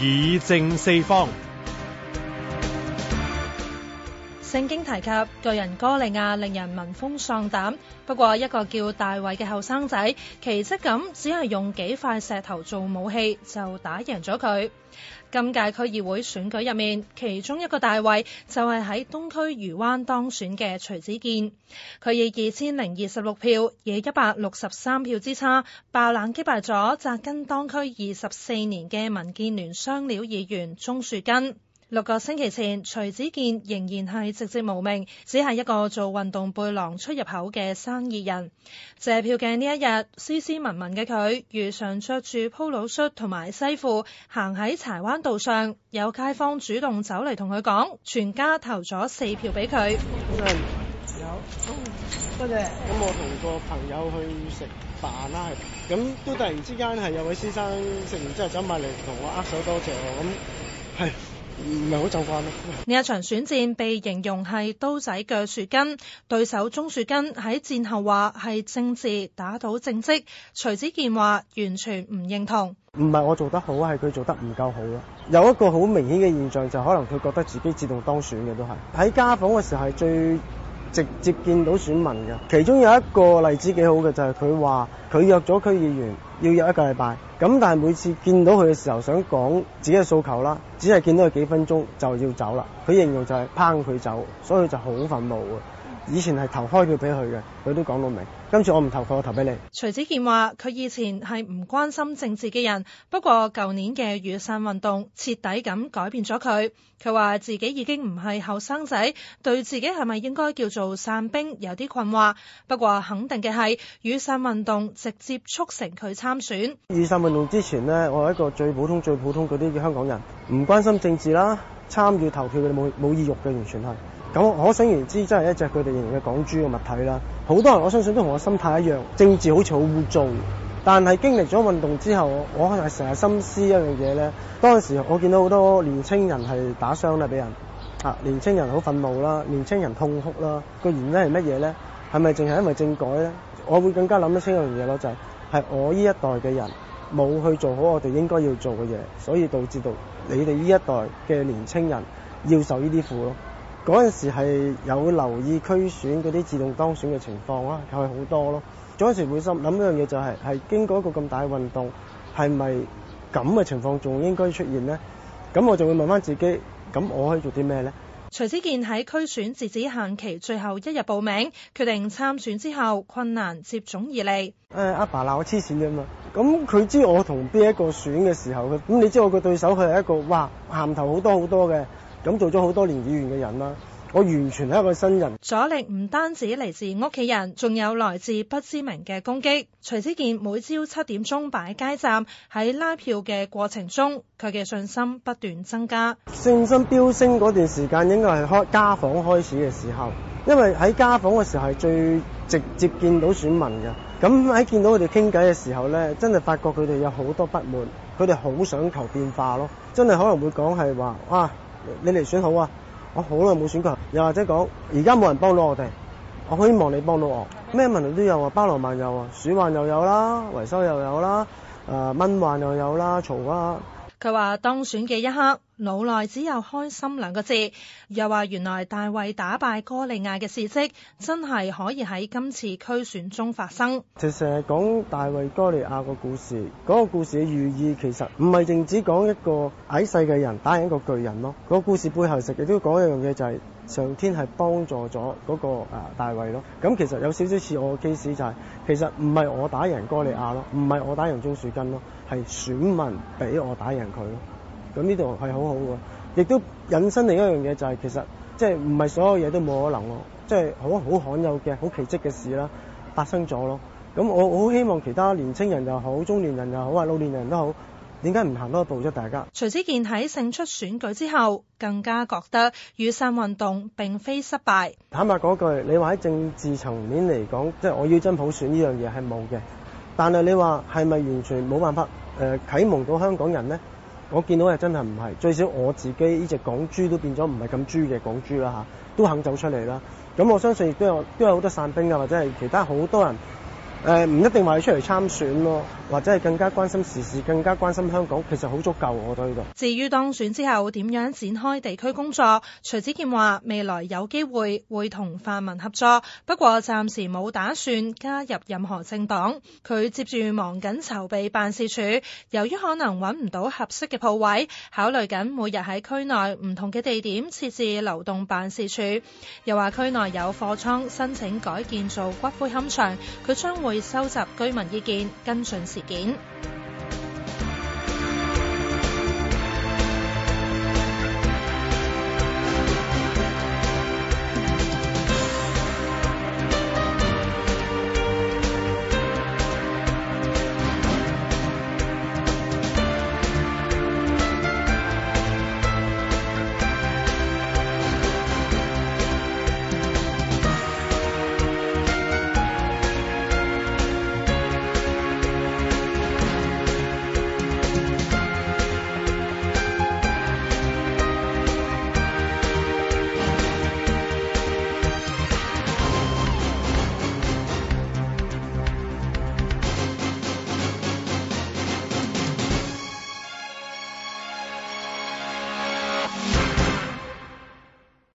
議政四方。聖經提及巨人哥利亞令人聞風喪膽，不過一個叫大衛嘅後生仔，奇跡咁只係用幾塊石頭做武器就打贏咗佢。今屆區議會選舉入面，其中一個大衛就係喺東區漁灣當選嘅徐子見，佢以二千零二十六票，以一百六十三票之差爆冷擊敗咗扎根當區二十四年嘅民建聯雙料議員鍾樹根。六個星期前，徐子見仍然係寂寂無名，只係一個做運動背囊出入口嘅生意人。謝票嘅呢一日，斯斯文文嘅佢，如常着住鋪老恤同埋西褲行喺柴灣道上，有街坊主動走嚟同佢講，全家投咗四票俾佢。咁啊、嗯，有、嗯、多謝咁、嗯，我同個朋友去食飯啦。咁、嗯、都突然之間係有位先生食完之後走埋嚟同我握手多謝啊。咁、嗯、係。有好，過咯。呢一場選戰被形容係刀仔鋸樹根，對手鍾樹根喺戰後話係政治打倒政績，徐子見話完全唔認同。唔係我做得好，係佢做得唔夠好咯。有一個好明顯嘅現象就可能佢覺得自己自動當選嘅，都係喺家訪嘅時候係最直接見到選民嘅。其中有一個例子幾好嘅，就係佢話佢約咗區議員要約一個禮拜。咁但係每次見到佢嘅時候，想講自己嘅訴求啦，只係見到佢幾分鐘就要走啦。佢形容就係拚佢走，所以就好憤怒。以前係投開票俾佢嘅，佢都講到明。今次我唔投佢，我投俾你。徐子見話：佢以前係唔關心政治嘅人，不過舊年嘅雨傘運動徹底咁改變咗佢。佢話自己已經唔係後生仔，對自己係咪應該叫做傘兵有啲困惑。不過肯定嘅係，雨傘運動直接促成佢參選。雨傘運動之前呢，我係一個最普通、最普通嗰啲嘅香港人，唔關心政治啦，參與投票嘅冇冇意欲嘅，完全係。咁可想而知，真係一隻佢哋形容嘅港豬嘅物體啦。好多人，我相信都同我心態一樣，政治好似好污糟。但係經歷咗運動之後，我可能係成日心思一樣嘢咧。當時我見到好多年青人係打傷咧，俾人嚇。年青人好憤怒啦，年青人痛哭啦。個原因係乜嘢咧？係咪淨係因為政改咧？我會更加諗得清一樣嘢咯，就係、係、係我呢一代嘅人冇去做好我哋應該要做嘅嘢，所以導致到你哋呢一代嘅年青人要受呢啲苦咯。嗰陣時係有留意區選嗰啲自動當選嘅情況啊，係好多咯。嗰陣時會心諗一樣嘢就係、是，係經過一個咁大嘅運動，係咪咁嘅情況仲應該出現咧？咁我就會問翻自己，咁我可以做啲咩咧？徐子見喺區選截止限期最後一日報名，決定參選之後，困難接踵而嚟。誒阿、哎、爸鬧我黐線啫嘛！咁佢知我同邊一個選嘅時候，咁你知我個對手佢係一個哇銜頭好多好多嘅。咁做咗好多年議員嘅人啦，我完全係一個新人。阻力唔單止嚟自屋企人，仲有來自不知名嘅攻擊。徐子見每朝七點鐘擺街站，喺拉票嘅過程中，佢嘅信心不斷增加。信心飆升嗰段時間應該係開家訪開始嘅時候，因為喺家訪嘅時候係最直接見到選民㗎。咁喺見到佢哋傾偈嘅時候咧，真係發覺佢哋有好多不滿，佢哋好想求變化咯，真係可能會講係話啊。哇你嚟選好啊！我好耐冇選過，又或者講而家冇人幫到我哋，我希望你幫到我。咩 Okay. 問題都有啊，包羅萬有啊，鼠患又有啦、啊，維修又有啦、啊，誒蚊患又有啦，嘈啊！佢話當選嘅一刻，腦內只有開心兩個字。又話原來大衛打敗哥利亞嘅事迹，真係可以喺今次區選中發生。其實講大衛哥利亞嘅故事，嗰個故事嘅寓意其實唔係淨止講一個矮細嘅人打贏一個巨人咯。嗰個故事背後食嘅都講一樣嘢就係、是。上天係幫助咗嗰個大衛咯，咁、嗯、其實有少少似我嘅 case 就係、是，其實唔係我打贏哥利亞咯，唔係我打贏鍾樹根咯，係選民俾我打贏佢咯，咁呢度係好好嘅，亦都引申另一樣嘢就係、是、其實即係唔係所有嘢都冇可能咯，即係好好罕有嘅好奇蹟嘅事啦發生咗咯，咁、嗯、我好希望其他年青人又好，中年人又好啊，老年人都好。點解唔行多一步出大家？徐子見喺勝出選舉之後，更加覺得雨傘運動並非失敗。坦白講句，你話喺政治層面嚟講，即係我要真普選呢樣嘢係冇嘅。但係你話係咪完全冇辦法誒啟蒙到香港人咧？我見到係真係唔係。最少我自己呢隻港豬都變咗唔係咁豬嘅港豬啦嚇，都肯走出嚟啦。咁我相信亦都有，都有好多散兵啊，或者係其他好多人。誒唔一定話要出嚟參選咯，或者係更加關心時事、更加關心香港，其實好足夠，我覺得呢。至於當選之後點樣展開地區工作，徐子見話未來有機會會同泛民合作，不過暫時冇打算加入任何政黨。佢接住忙緊籌備辦事處，由於可能揾唔到合適嘅鋪位，考慮緊每日喺區內唔同嘅地點設置流動辦事處。又話區內有貨倉申請改建做骨灰龕場，佢將會，去收集居民意見，跟進事件。